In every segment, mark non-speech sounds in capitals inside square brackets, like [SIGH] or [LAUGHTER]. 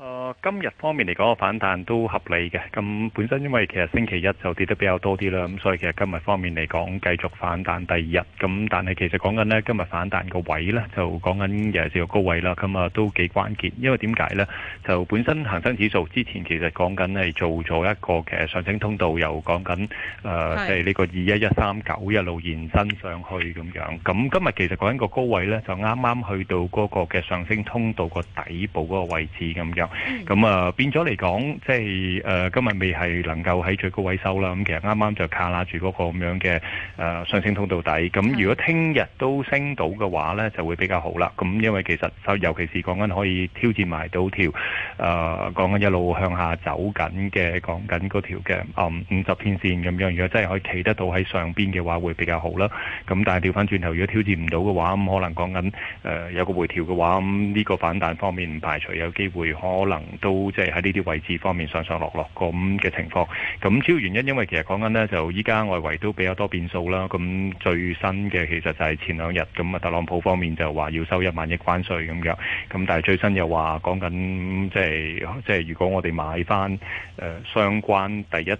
誒、呃、今日方面嚟講，個反彈都合理嘅。咁本身因為其實星期一就跌得比較多啲啦，咁所以其實今日方面嚟講繼續反彈第二日。咁但係其實講緊呢，今日反彈個位呢，就講緊日最後高位啦。咁啊都幾關鍵，因為點解呢？就本身恒生指數之前其實講緊係做咗一個其實上升通道又講，又講緊誒即係呢個二一一三九一路延伸上去咁樣。咁今日其實講緊個高位呢，就啱啱去到嗰個嘅上升通道個底部嗰個位置咁樣。咁、嗯、啊、呃，變咗嚟講，即係誒、呃、今日未係能夠喺最高位收啦。咁、嗯、其實啱啱就卡拉住嗰個咁樣嘅誒上升通道底。咁、嗯嗯、如果聽日都升到嘅話呢，就會比較好啦。咁、嗯、因為其實尤其是講緊可以挑戰埋到條誒講緊一路向下走緊嘅講緊嗰條嘅五十天線咁樣。如果真係可以企得到喺上邊嘅話，會比較好啦。咁、嗯、但係調翻轉頭，如果挑戰唔到嘅話，咁、嗯、可能講緊誒有個回調嘅話，咁、嗯、呢、這個反彈方面唔排除有機會可。可能都即係喺呢啲位置方面上上落落咁嘅情況。咁主要原因因為其實講緊咧，就依家外圍都比較多變數啦。咁最新嘅其實就係前兩日咁啊，特朗普方面就話要收一萬億關稅咁樣。咁但係最新又話講緊即係即係，如果我哋買翻誒相關第一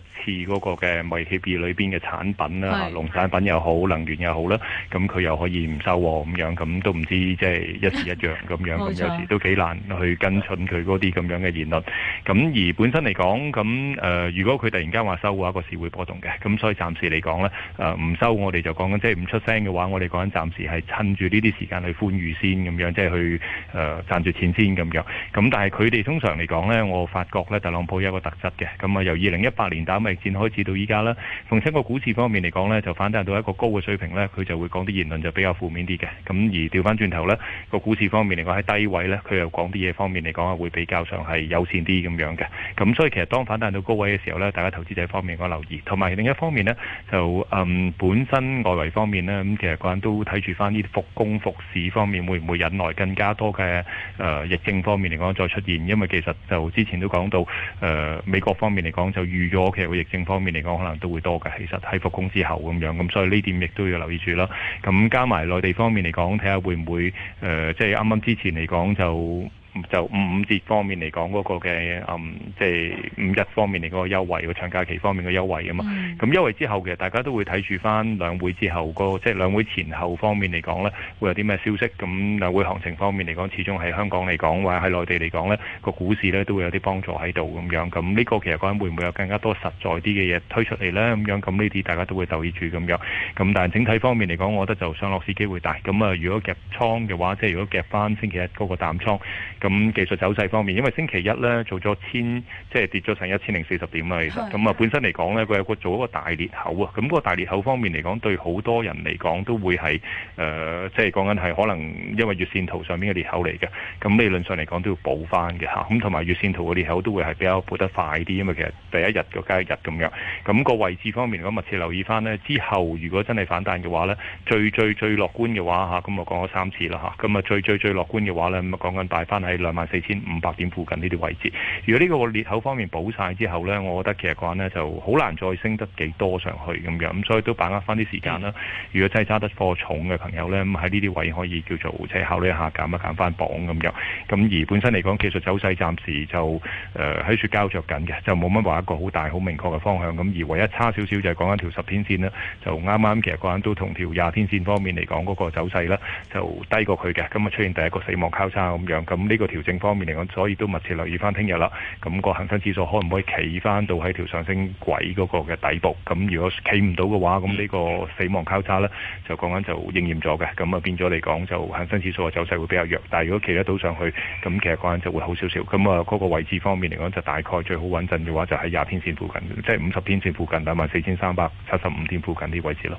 次嗰個嘅美協議裏邊嘅產品啦，農產品又好，能源又好啦，咁佢又可以唔收喎咁樣。咁都唔知即係一時一樣咁樣。冇錯。有時都幾難去跟進佢嗰啲。咁樣嘅言論，咁而本身嚟講，咁誒，如果佢突然間話收嘅話，一個市會波動嘅。咁所以暫時嚟講呢，誒唔收我，我哋就講緊即係唔出聲嘅話，我哋講緊暫時係趁住呢啲時間去寬裕先咁樣，即係去誒賺住錢先咁樣。咁但係佢哋通常嚟講呢，我發覺呢特朗普有一個特質嘅。咁啊，由二零一八年打貿易戰開始到依家啦，從整個股市方面嚟講呢，就反彈到一個高嘅水平呢，佢就會講啲言論就比較負面啲嘅。咁而調翻轉頭呢，個股市方面嚟講喺低位呢，佢又講啲嘢方面嚟講啊，會比較，上係友善啲咁樣嘅，咁所以其實當反彈到高位嘅時候呢，大家投資者方面應該留意，同埋另一方面呢，就嗯本身外圍方面呢，咁其實個人都睇住翻呢啲復工復市方面會唔會引來更加多嘅、呃、疫症方面嚟講再出現，因為其實就之前都講到誒、呃、美國方面嚟講就預咗，其實個疫症方面嚟講可能都會多嘅。其實喺復工之後咁樣，咁所以呢點亦都要留意住啦。咁加埋內地方面嚟講，睇下會唔會誒即係啱啱之前嚟講就。就五折方面嚟講，嗰、那個嘅嗯，即、就、係、是、五一方面嚟嗰個優惠，個長假期方面嘅優惠啊嘛。咁、mm. 優惠之後嘅，大家都會睇住翻兩會之後即係、就是、兩會前後方面嚟講呢會有啲咩消息？咁兩會行情方面嚟講，始終喺香港嚟講，或者喺內地嚟講呢個股市呢都會有啲幫助喺度咁樣。咁呢個其實講緊會唔會有更加多實在啲嘅嘢推出嚟呢？咁樣咁呢啲大家都會留意住咁樣。咁但係整體方面嚟講，我覺得就上落市機會大。咁啊，如果夾倉嘅話，即、就、係、是、如果夾翻星期一嗰個淡倉。咁技術走勢方面，因為星期一咧做咗千，即係跌咗成一千零四十點啦，其實，咁啊本身嚟講咧，佢有個做一個大裂口啊，咁個大裂口方面嚟講，對好多人嚟講都會係，誒、呃，即係講緊係可能因為月線圖上面嘅裂口嚟嘅，咁理論上嚟講都要補翻嘅嚇，咁同埋月線圖嘅裂口都會係比較補得快啲，因為其實第一日個加一日咁樣，咁個位置方面，如果密切留意翻呢，之後如果真係反彈嘅話呢，最最最樂觀嘅話嚇，咁我講咗三次啦嚇，咁啊最最最樂觀嘅話呢，咁啊講緊帶翻係兩萬四千五百點附近呢啲位置，如果呢個裂口方面補晒之後呢，我覺得其實嘅話咧就好難再升得幾多上去咁樣，咁所以都把握翻啲時間啦。如果真係揸得貨重嘅朋友呢，喺呢啲位可以叫做即係、就是、考慮下減一減翻磅咁樣。咁而本身嚟講，技術走勢暫時就誒喺處交着緊嘅，就冇乜話一個好大好明確嘅方向。咁而唯一差少少就係講緊條十天線啦，就啱啱其實個人都同條廿天線方面嚟講嗰個走勢啦，就低過佢嘅，咁啊出現第一個死亡交叉咁樣。咁呢，個調整方面嚟講，所以都密切留意翻聽日啦。咁個恒生指數可唔可以企翻到喺條上升軌嗰個嘅底部？咁如果企唔到嘅話，咁呢個死亡交叉呢，就講緊就應驗咗嘅。咁啊變咗嚟講，就恒生指數嘅走勢會比較弱。但係如果企得到上去，咁其實講緊就會好少少。咁啊嗰個位置方面嚟講，就大概最好穩陣嘅話，就喺廿天線附近，即係五十天線附近，兩萬四千三百七十五天附近啲位置咯。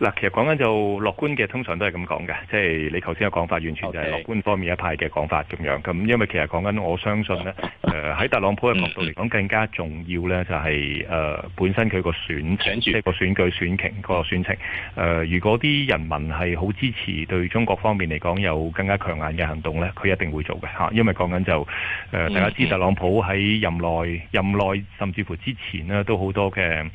嗱，其實講緊就樂觀嘅，通常都係咁講嘅，即係你頭先嘅講法完全就係樂觀方面一派嘅講法咁樣。咁、okay. 因為其實講緊，我相信呢，誒 [LAUGHS] 喺、呃、特朗普嘅角度嚟講，更加重要呢就係、是、誒、呃、本身佢個選情，即係個選舉選情個選情。誒、呃，如果啲人民係好支持對中國方面嚟講有更加強硬嘅行動呢，佢一定會做嘅、啊、因為講緊就誒，呃、 [LAUGHS] 大家知特朗普喺任內、任內甚至乎之前呢都好多嘅。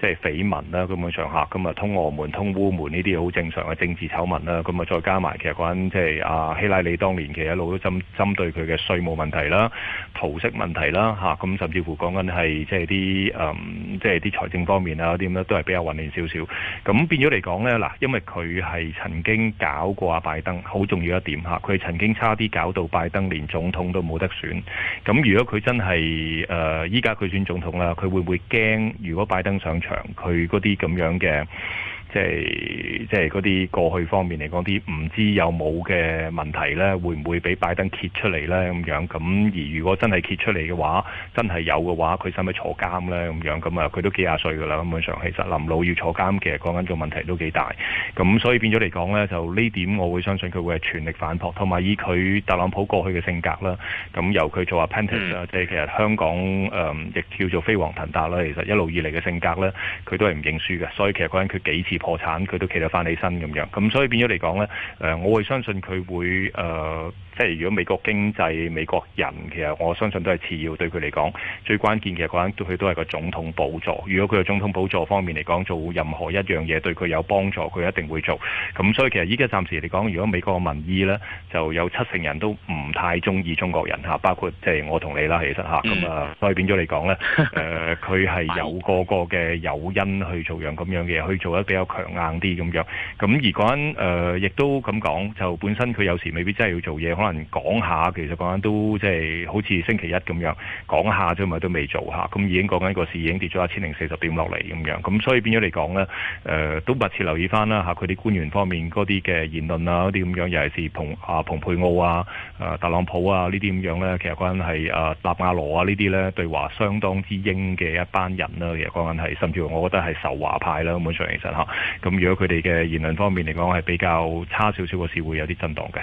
即係緋聞啦，咁嘅場合，咁啊通俄門、通烏門呢啲好正常嘅政治醜聞啦，咁啊再加埋其實講緊即係阿、啊、希拉里當年其實一路都針針對佢嘅稅務問題啦、逃稅問題啦嚇，咁、啊、甚至乎講緊係即係啲、嗯、即係啲財政方面啊啲咁咧，都係比較混亂少少。咁變咗嚟講呢，嗱，因為佢係曾經搞過啊拜登，好重要一點嚇，佢曾經差啲搞到拜登連總統都冇得選。咁如果佢真係誒依家佢選總統啦，佢會唔會驚如果拜登上場？佢嗰啲咁樣嘅。即係即係嗰啲過去方面嚟講啲唔知有冇嘅問題咧，會唔會俾拜登揭出嚟咧咁樣？咁而如果真係揭出嚟嘅話，真係有嘅話，佢使唔使坐監咧咁樣？咁啊，佢都幾廿歲噶啦，根本上其實臨老要坐監嘅，講緊個問題都幾大。咁所以變咗嚟講咧，就呢點我會相信佢會係全力反撲，同埋以佢特朗普過去嘅性格啦，咁由佢做 Apprentice 即係其實香港誒亦、嗯、叫做飛黃騰達啦。其實一路以嚟嘅性格咧，佢都係唔認輸嘅，所以其實講緊佢幾次。破產，佢都企得翻起身咁樣。咁所以變咗嚟講咧，誒、呃，我會相信佢會誒。呃即係如果美國經濟，美國人其實我相信都係次要對他來，對佢嚟講最關鍵嘅嗰陣佢都係個總統寶座。如果佢個總統寶座方面嚟講做任何一樣嘢對佢有幫助，佢一定會做。咁所以其實依家暫時嚟講，如果美國嘅民意呢，就有七成人都唔太中意中國人嚇，包括即係我同你啦，其實嚇咁啊、嗯，所以變咗嚟講呢，誒佢係有個個嘅誘因去做樣咁樣嘅，去做得比較強硬啲咁樣。咁而嗰陣誒亦都咁講，就本身佢有時未必真係要做嘢，可能。講下其實講緊都即係好似星期一咁樣講下啫咪都未做嚇，咁已經講緊、個市已經跌咗一千零四十點落嚟咁樣，咁所以變咗嚟講咧，誒都密切留意翻啦嚇，佢啲官員方面嗰啲嘅言論啊，嗰啲咁樣，尤其是蓬啊蓬佩奧啊、誒、啊、特朗普啊呢啲咁樣咧，其實講緊係啊納瓦羅啊呢啲咧，對華相當之鷹嘅一班人啦、啊，其實講緊係甚至我覺得係仇華派啦、啊。基本上其實嚇，咁如果佢哋嘅言論方面嚟講係比較差少少，個市會有啲震盪嘅。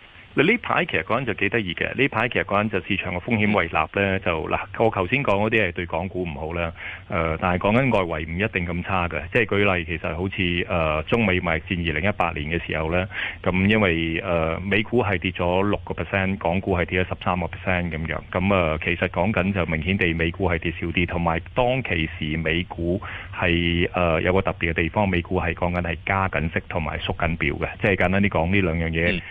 呢排其實講緊就幾得意嘅，呢排其實講緊就市場嘅風險位立咧就嗱，我頭先講嗰啲係對港股唔好啦，誒、呃，但係講緊外圍唔一定咁差嘅，即係舉例，其實好似誒、呃、中美貿戰二零一八年嘅時候咧，咁因為誒、呃、美股係跌咗六個 percent，港股係跌咗十三個 percent 咁樣，咁啊、呃、其實講緊就明顯地美股係跌少啲，同埋當其時美股係誒、呃、有個特別嘅地方，美股係講緊係加緊息同埋縮緊表嘅，即係簡單啲講呢兩樣嘢、嗯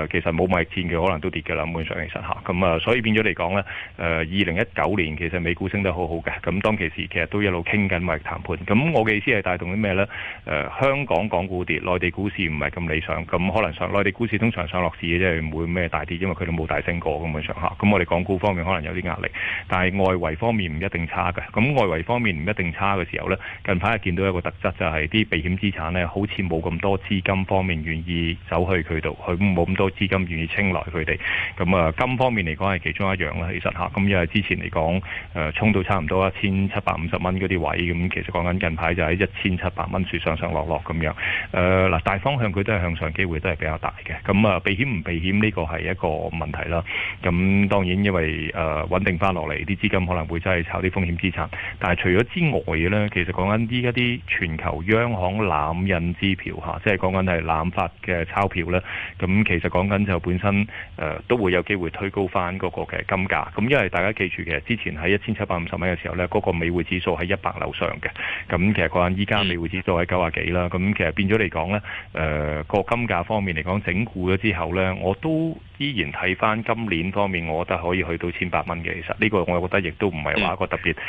呃，其實冇貿易戰嘅可能都跌嘅啦，咁本上其實吓，咁啊，所以變咗嚟講呢，誒、呃，二零一九年其實美股升得好好嘅，咁當其時其實都一路傾緊貿易談判，咁我嘅意思係帶動啲咩呢？誒、呃，香港港股跌，內地股市唔係咁理想，咁可能上內地股市通常上落市嘅啫，唔、即係、會咩大跌，因為佢都冇大升過根本上下，咁我哋港股方面可能有啲壓力，但係外圍方面唔一定差嘅，咁外圍方面唔一定差嘅時候呢，近排係見到一個特質就係啲避險資產呢好似冇咁多資金方面願意走去佢度，佢冇咁多資金。願意青睞佢哋，咁啊金方面嚟講係其中一樣啦，其實嚇，咁、啊、因為之前嚟講，誒、呃、衝到差唔多一千七百五十蚊嗰啲位，咁其實講緊近排就喺一千七百蚊處上上落落咁樣，誒、呃、嗱大方向佢都係向上機會都係比較大嘅，咁啊避險唔避險呢個係一個問題啦，咁當然因為誒、呃、穩定翻落嚟，啲資金可能會真係炒啲風險資產，但係除咗之外嘅咧，其實講緊依家啲全球央行濫印支票嚇，即係講緊係濫發嘅鈔票咧，咁其實講緊就。本身誒、呃、都會有機會推高翻嗰個嘅金價，咁、嗯、因為大家記住其實，之前喺一千七百五十蚊嘅時候呢，嗰、那個美匯指數喺一百樓上嘅，咁其實講緊依家美匯指數喺九啊幾啦，咁其實變咗嚟講呢，誒、呃那個金價方面嚟講整固咗之後呢，我都依然睇翻今年方面，我覺得可以去到千八蚊嘅。其實呢個我覺得亦都唔係話一個特別、嗯、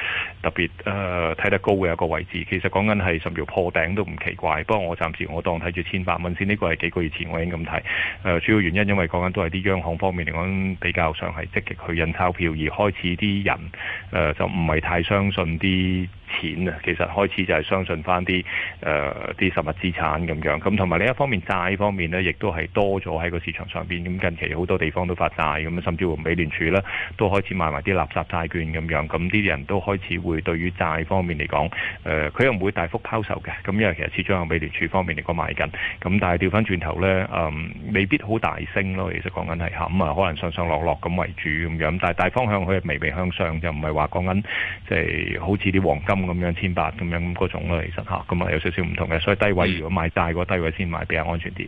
特別誒睇得高嘅一個位置，其實講緊係甚至破頂都唔奇怪。不過我暫時我當睇住千八蚊先，呢、這個係幾個月前我已經咁睇。誒、呃、主要原因因為。講緊都係啲央行方面嚟講，比較上係積極去印鈔票，而開始啲人誒就唔係太相信啲錢啊，其實開始就係相信翻啲誒啲實物資產咁樣，咁同埋另一方面債方面呢亦都係多咗喺個市場上邊。咁近期好多地方都發債，咁甚至乎美聯儲呢都開始賣埋啲垃圾債券咁樣。咁啲人都開始會對於債方面嚟講，誒、呃、佢又唔會大幅拋售嘅。咁因為其實始終係美聯儲方面嚟講賣緊。咁但係調翻轉頭呢，嗯、呃，未必好大升咯。其實講緊係冚啊，可能上上落落咁為主咁樣。但係大方向佢係微微向上，就唔係話講緊即係好似啲黃金。咁樣千八咁樣咁嗰種咯，其實吓，咁啊有少少唔同嘅，所以低位如果買大個、嗯、低位先買，比較安全啲。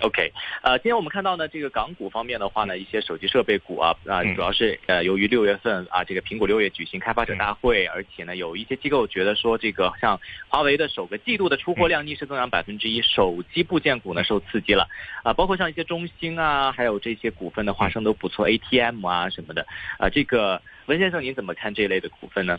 OK，呃，今天我們看到呢，這個港股方面的話呢，嗯、一些手機設備股啊，啊，主要是、呃、由於六月份啊，這個蘋果六月舉行開發者大會，嗯、而且呢，有一些機構覺得說，這個像華為的首個季度的出貨量逆勢增長百分之一，手機部件股呢受刺激了，啊，包括像一些中興啊，還有這些股份的話聲都不錯、嗯、ATM 啊什麼的，啊，這個溫先生您怎麼看這類的股份呢？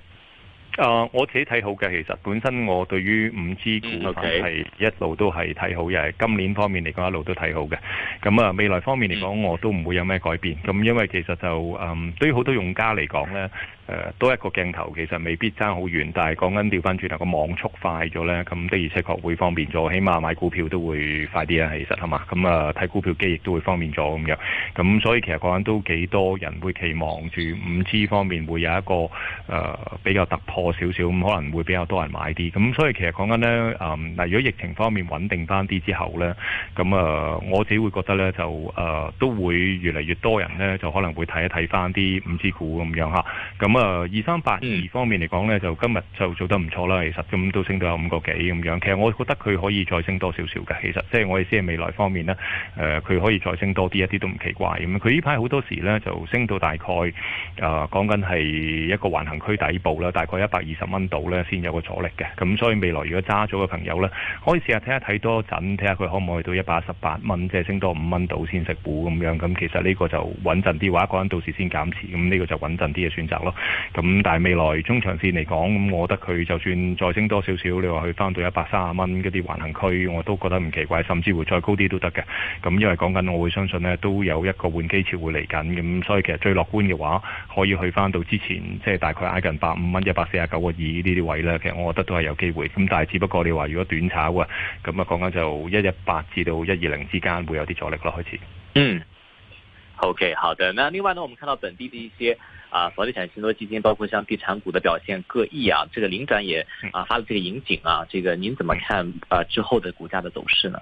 啊、uh，我自己睇好嘅，其實本身我對於五 G 股係一路都係睇好，嘅、mm, okay。今年方面嚟講一路都睇好嘅。咁啊，未來方面嚟講我都唔會有咩改變。咁、mm. 因為其實就誒、嗯，對於好多用家嚟講咧，誒、呃、多一個鏡頭其實未必差好遠。但係講緊調返轉頭，個網速快咗咧，咁的而且確會方便咗，起碼買股票都會快啲啊。其實係嘛，咁啊睇股票機亦都會方便咗咁樣。咁所以其實講緊都幾多人會期望住五 G 方面會有一個誒、呃、比較突破。破少少咁可能會比較多人買啲，咁所以其實講緊呢，嗱，如果疫情方面穩定翻啲之後呢，咁啊，我自己會覺得呢，就誒、呃、都會越嚟越多人呢，就可能會睇一睇翻啲五支股咁樣嚇，咁啊二三八二方面嚟講呢，就今日就做得唔錯啦，其實咁都升到有五個幾咁樣，其實我覺得佢可以再升多少少㗎，其實即係我意思係未來方面呢，佢、呃、可以再升多啲一啲都唔奇怪咁，佢呢排好多時呢，就升到大概誒講緊係一個橫行區底部啦，大概一，一百二十蚊度咧，先有個阻力嘅，咁所以未來如果揸咗嘅朋友咧，可以試下睇下睇多陣，睇下佢可唔可以到一百十八蚊，即係升多五蚊度先食股咁樣。咁其實呢個就穩陣啲，或者一個人到時先減持，咁呢個就穩陣啲嘅選擇咯。咁但係未來中長線嚟講，咁我覺得佢就算再升多少少，你話去翻到一百三十蚊嗰啲橫行區，我都覺得唔奇怪，甚至會再高啲都得嘅。咁因為講緊，我會相信呢，都有一個換機潮會嚟緊，咁所以其實最樂觀嘅話，可以去翻到之前，即係大概挨近百五蚊、一百。四啊九個二呢啲位咧，其實我覺得都係有機會。咁但係，只不過你話如果短炒啊，咁啊講緊就一一八至到一二零之間會有啲阻力咯，開始。嗯。OK，好的。那另外呢，我們看到本地的一些啊，房地產信託基金，包括像地產股的表現各異啊。這個領展也啊發了這個盈警啊。這個您怎麼看啊之後的股價的走勢呢？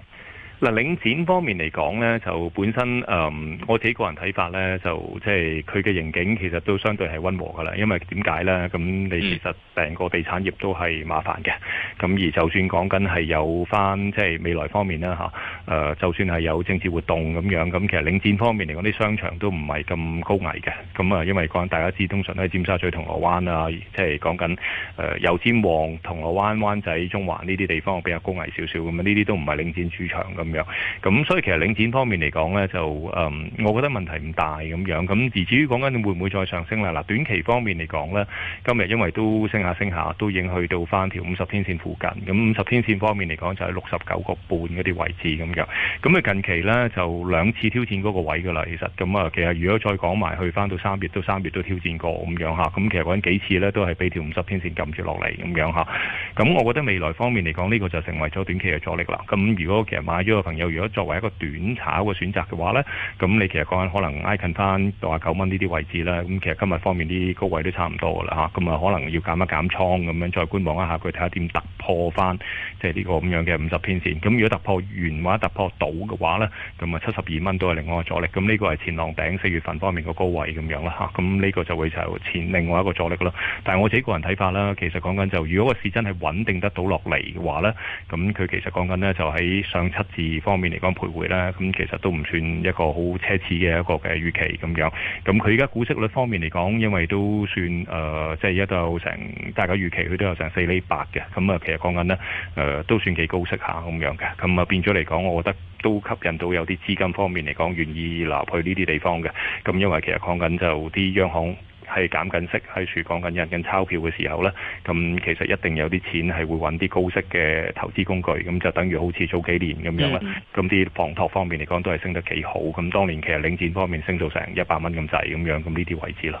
嗱，領展方面嚟講咧，就本身誒，我自己個人睇法咧，就即係佢嘅形景其實都相對係溫和㗎喇。因為點解咧？咁你其實成個地產業都係麻煩嘅。咁而就算講緊係有返即係未來方面啦，嚇誒，就算係有政治活動咁樣，咁其實領展方面嚟講，啲商場都唔係咁高危嘅。咁啊，因為講大家知，通常都係尖沙咀銅鑼灣啊，即係講緊誒油尖旺、銅鑼灣、灣仔、中環呢啲地方比較高危少少咁啊，呢啲都唔係領展主場咁。咁所以其實領展方面嚟講呢，就、嗯、我覺得問題唔大咁樣。咁而至於講緊會唔會再上升啦？嗱，短期方面嚟講呢，今日因為都升下升下，都已經去到翻條五十天線附近。咁五十天線方面嚟講，就係六十九個半嗰啲位置咁樣。咁啊近期呢，就兩次挑戰嗰個位噶啦，其實咁啊，其實如果再講埋去翻到三月，都三月都挑戰過咁樣嚇。咁其實搵幾次呢，都係俾條五十天線撳住落嚟咁樣下，咁我覺得未來方面嚟講，呢個就成為咗短期嘅阻力啦。咁如果其實買咗朋友，如果作為一個短炒嘅選擇嘅話呢，咁你其實講緊可能挨近翻六啊九蚊呢啲位置啦。咁其實今日方面啲高位都差唔多噶啦嚇，咁啊可能要減一減倉咁樣，再觀望一下佢睇下點突破翻即係呢個咁樣嘅五十天線。咁如果突破完或者突破到嘅話呢，咁啊七十二蚊都係另外一個阻力。咁呢個係前浪頂四月份方面個高位咁樣啦嚇，咁呢個就會就前另外一個阻力咯。但係我自己個人睇法啦，其實講緊就如果個市真係穩定得到落嚟嘅話呢，咁佢其實講緊呢就喺上七方面嚟講徘徊啦，咁其實都唔算一個好奢侈嘅一個嘅預期咁樣。咁佢而家股息率方面嚟講，因為都算誒，即係而家都有成，大家預期佢都有成四厘八嘅。咁啊，其實講緊呢，誒、呃，都算幾高息下咁樣嘅。咁啊，變咗嚟講，我覺得都吸引到有啲資金方面嚟講願意留去呢啲地方嘅。咁因為其實講緊就啲央行。係減緊息，係處講緊印緊鈔票嘅時候呢。咁其實一定有啲錢係會揾啲高息嘅投資工具，咁就等於好似早幾年咁樣啦。咁啲房託方面嚟講都係升得幾好，咁當年其實領展方面升到成一百蚊咁滯咁樣，咁呢啲位置啦。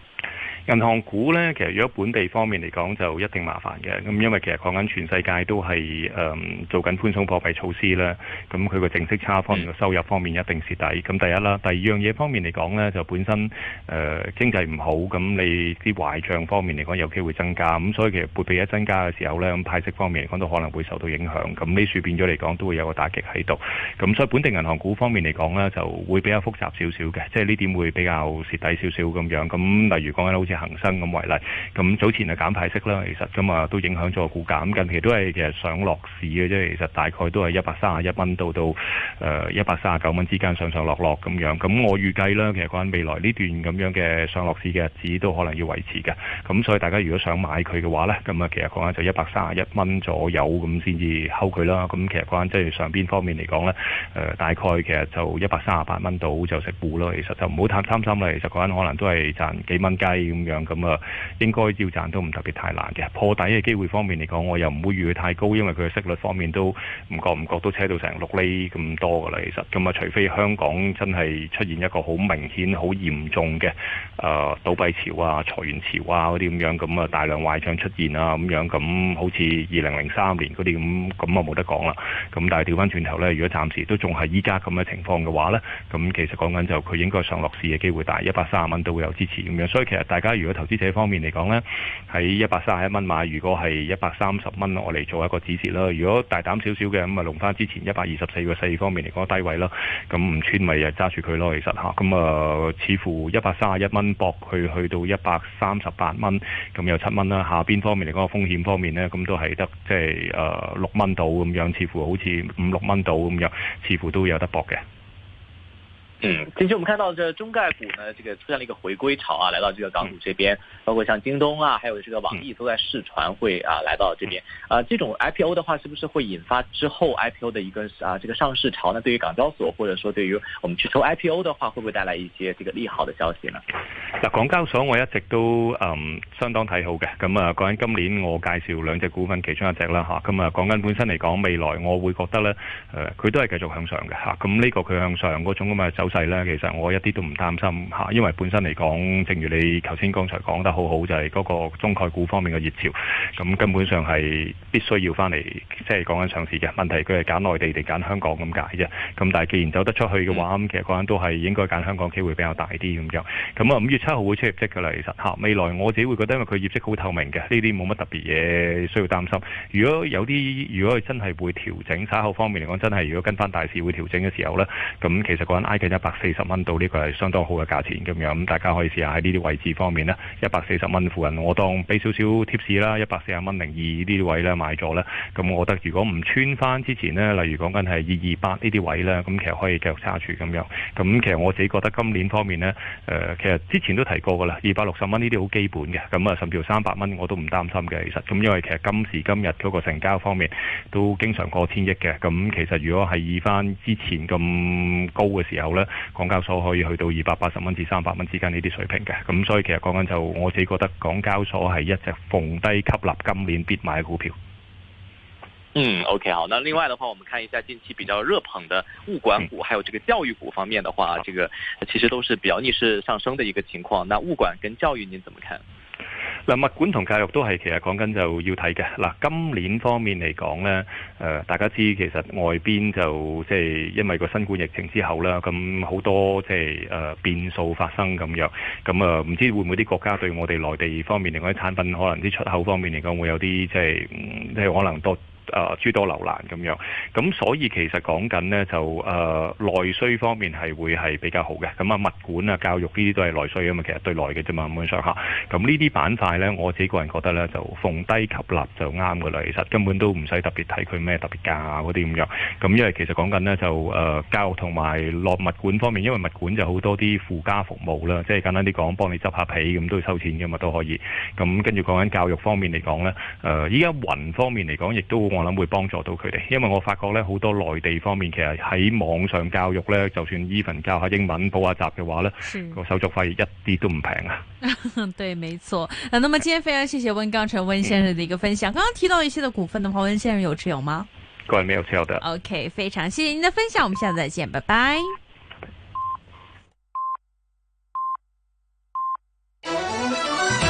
銀行股咧，其實如果本地方面嚟講，就一定麻煩嘅。咁、嗯、因為其實講緊全世界都係誒、嗯、做緊寬鬆貨幣措施咧，咁佢個淨息差方面個收入方面一定蝕底。咁第一啦，第二樣嘢方面嚟講咧，就本身誒、呃、經濟唔好，咁你啲壞賬方面嚟講有機會增加。咁、嗯、所以其實撥備一增加嘅時候咧，咁、嗯、派息方面嚟講都可能會受到影響。咁呢處變咗嚟講都會有個打擊喺度。咁所以本地銀行股方面嚟講咧，就會比較複雜少少嘅，即係呢點會比較蝕底少少咁樣。咁例如講緊好似，恒生咁為例，咁早前係減派息啦，其實今日都影響咗個股價。近期都係其實上落市嘅啫，其實大概都係一百三十一蚊到到誒一百三十九蚊之間上上落落咁樣。咁我預計啦，其實講緊未來呢段咁樣嘅上落市嘅日子都可能要維持嘅。咁所以大家如果想買佢嘅話呢，咁啊其實講緊就一百三十一蚊左右咁先至 hold 佢啦。咁其實講緊即係上邊方面嚟講呢、呃，大概其實就一百三十八蚊到就食糊咯。其實就唔好太貪心啦。其實講緊可能都係賺幾蚊雞。咁樣咁啊，應該要賺都唔特別太難嘅。破底嘅機會方面嚟講，我又唔會預佢太高，因為佢嘅息率方面都唔覺唔覺都扯到成六厘咁多噶啦。其實咁啊，除非香港真係出現一個好明顯、好嚴重嘅啊、呃、倒閉潮啊、裁員潮啊嗰啲咁樣，咁啊大量壞賬出現啊咁樣，咁好似二零零三年嗰啲咁，咁啊冇得講啦。咁但係調翻轉頭呢，如果暫時都仲係依家咁嘅情況嘅話呢，咁其實講緊就佢應該上落市嘅機會大，一百三十蚊都會有支持咁樣。所以其實大家。如果投資者方面嚟講呢，喺一百三十一蚊買，如果係一百三十蚊，我嚟做一個指示啦。如果大膽少少嘅咁啊，攏返之前一百二十四個四方面嚟講低位啦，咁唔穿咪又揸住佢咯。其實吓，咁啊、呃，似乎一百三十一蚊博去去到一百三十八蚊，咁有七蚊啦。下邊方面嚟講風險方面呢，咁都係得即係誒六蚊到咁樣，似乎好似五六蚊到咁樣，似乎都有得博嘅。嗯，近期我們看到這中概股呢，這個出現了一個回歸潮啊，來到這個港股這邊，嗯，包括像京東啊，還有這個網易都在試傳會啊，來到這邊啊，這種 IPO 的話，是不是會引發之後 IPO 的一個啊，這個上市潮呢？對於港交所，或者說對於我們去投 IPO 的話，會不會帶來一些這個利好的消息呢？嗱，港交所我一直都嗯相當睇好嘅，咁啊講緊今年我介紹兩隻股份，其中一隻啦吓，咁啊講緊、嗯、本身嚟講，未來我會覺得呢誒佢、啊、都係繼續向上嘅吓，咁、啊、呢個佢向上嗰種咁啊走。細咧，其實我一啲都唔擔心嚇，因為本身嚟講，正如你頭先剛才講得好好，就係嗰個中概股方面嘅熱潮，咁根本上係必須要翻嚟，即係講緊上市嘅問題。佢係揀內地定揀香港咁解啫。咁但係既然走得出去嘅話，咁其實嗰陣都係應該揀香港機會比較大啲咁樣。咁啊，五月七號會出業績㗎喇，其實嚇未來我自己會覺得，因為佢業績好透明嘅，呢啲冇乜特別嘢需要擔心。如果有啲，如果佢真係會調整，稍後方面嚟講，真係如果跟翻大市會調整嘅時候呢，咁其實嗰人。百四十蚊到呢個係相當好嘅價錢咁樣，咁大家可以試下喺呢啲位置方面啦，一百四十蚊附近，我當俾少少貼士啦，一百四十蚊零二呢啲位咧買咗啦。咁我覺得如果唔穿翻之前呢，例如講緊係二二八呢啲位呢，咁其實可以繼續揸住咁樣。咁其實我自己覺得今年方面呢，呃，其實之前都提過噶啦，二百六十蚊呢啲好基本嘅，咁啊甚至三百蚊我都唔擔心嘅，其實，咁因為其實今時今日嗰個成交方面都經常過千億嘅，咁其實如果係以翻之前咁高嘅時候呢。港交所可以去到二百八十蚊至三百蚊之間呢啲水平嘅，咁所以其實講緊就我自己覺得港交所係一隻逢低吸納今年必買股票。嗯，OK，好。那另外的話，我們看一下近期比較熱捧的物管股，嗯，還有這個教育股方面的話，這個其實都是比較逆勢上升的一個情況。那物管跟教育，您怎麼看？物管同教育都係其實講緊就要睇嘅嗱，今年方面嚟講呢，誒、呃、大家知其實外邊就即係因為個新冠疫情之後啦，咁好多即係誒變數發生咁樣，咁啊唔知會唔會啲國家對我哋內地方面嚟講啲產品，可能啲出口方面嚟講會有啲即係即係可能多。誒、啊、諸多流難咁樣，咁所以其實講緊呢，就誒、呃、內需方面係會係比較好嘅，咁啊物管啊教育呢啲都係內需啊嘛，其實對內嘅啫嘛，咁樣上下，咁呢啲板塊呢，我自己個人覺得呢，就逢低吸納就啱嘅啦。其實根本都唔使特別睇佢咩特別價嗰啲咁樣。咁因為其實講緊呢，就誒、呃、教育同埋落物管方面，因為物管就好多啲附加服務啦，即係簡單啲講，幫你執下被咁都要收錢嘅嘛，都可以。咁跟住講緊教育方面嚟講呢，誒依家雲方面嚟講亦都。我諗會幫助到佢哋，因為我發覺咧好多內地方面，其實喺網上教育咧，就算 even 教下英文，補下習嘅話咧，個手續費一啲都唔平啊。 [LAUGHS] 對，沒錯。那麼今天非常謝謝溫鋼城溫先生的一個分享。嗯。剛剛提到一些的股份嘅話，嗯，溫先生有持有嗎？各位沒有持有的。OK，非常謝謝您的分享，我們下次再見，拜拜。